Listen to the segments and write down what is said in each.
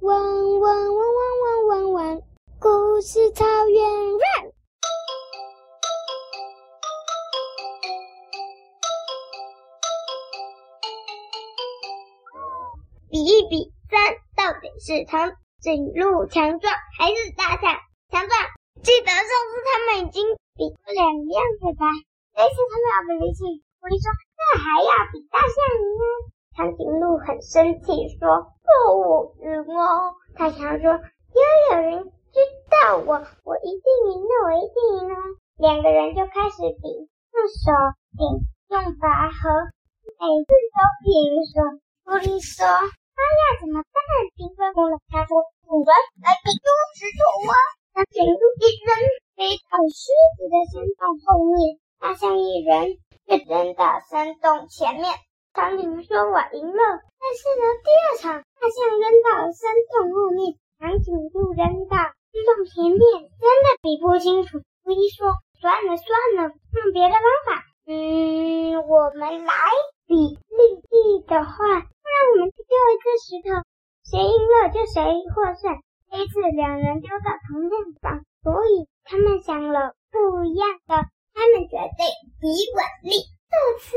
汪汪汪汪汪汪汪！故事超圓潤。比一比三，三到底是長頸鹿強壯還是大象強壯？記得上次他們已經比過兩樣對吧？這次他們要比力氣，我說那還要比大象呢。長頸鹿很生氣，說：“做我贏了！”大、嗯、象、哦、說：“要有人知道我，我一定贏，那我一定贏啊！”兩個人就開始比，用手比，用拔河，每次都平手，狐狸說，哎呀、嗯，他要怎麼辦？冰塊慌了。他說：“主人，、啊、人，來比石頭剪刀布！”長頸鹿一扔，飛到獅子的山洞後面；大象一扔，卻扔到山洞前面。長你們說我贏了，但是呢，第二場，大象扔到山洞後面，長頸鹿扔到山洞前面，真的比不清楚。狐狸說：“算了算了，用別的方法。嗯，我們來比力氣的話，不然我們去丟一顆石頭，誰贏了就誰獲勝。這次兩人丟到同一方，所以他們想了不一樣的，他們決定比腕力。這次。”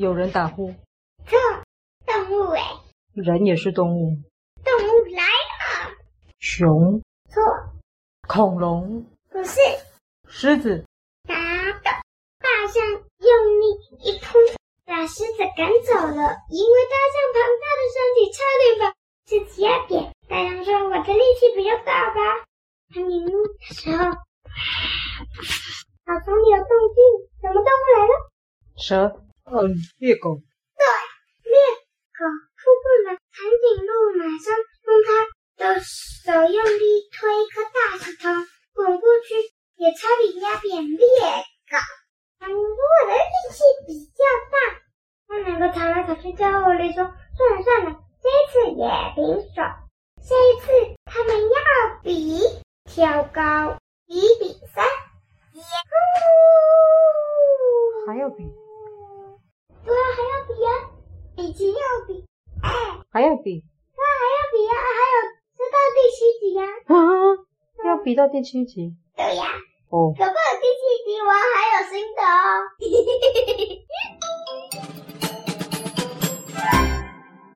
有人打呼。錯，動物哎、欸。人也是動物。動物來了。熊。錯。恐龍。不是。獅子。打的。大象用力一撲，把獅子趕走了。因為大象龐大的身體差點把自己壓扁。大象說：“我的力氣比較大吧。”它擰的時候。好像有動靜，什麼動物來了？蛇。嗯，獵狗，對獵狗瀑布呢，長頸鹿馬上用它的手用力推一顆大石頭滾過去，也差點壓扁獵狗。長頸鹿的力氣比較大，他們兩個吵來吵去，最後說算了算了，這一次也平手。下一次他們要比跳高，一比三。嗚，還要比。還要比，那、啊、還要比呀、啊，還有是到第七集呀、啊，啊、要比到第七集，嗯、對呀、啊，哦，可不可以第七集我還有新的哦？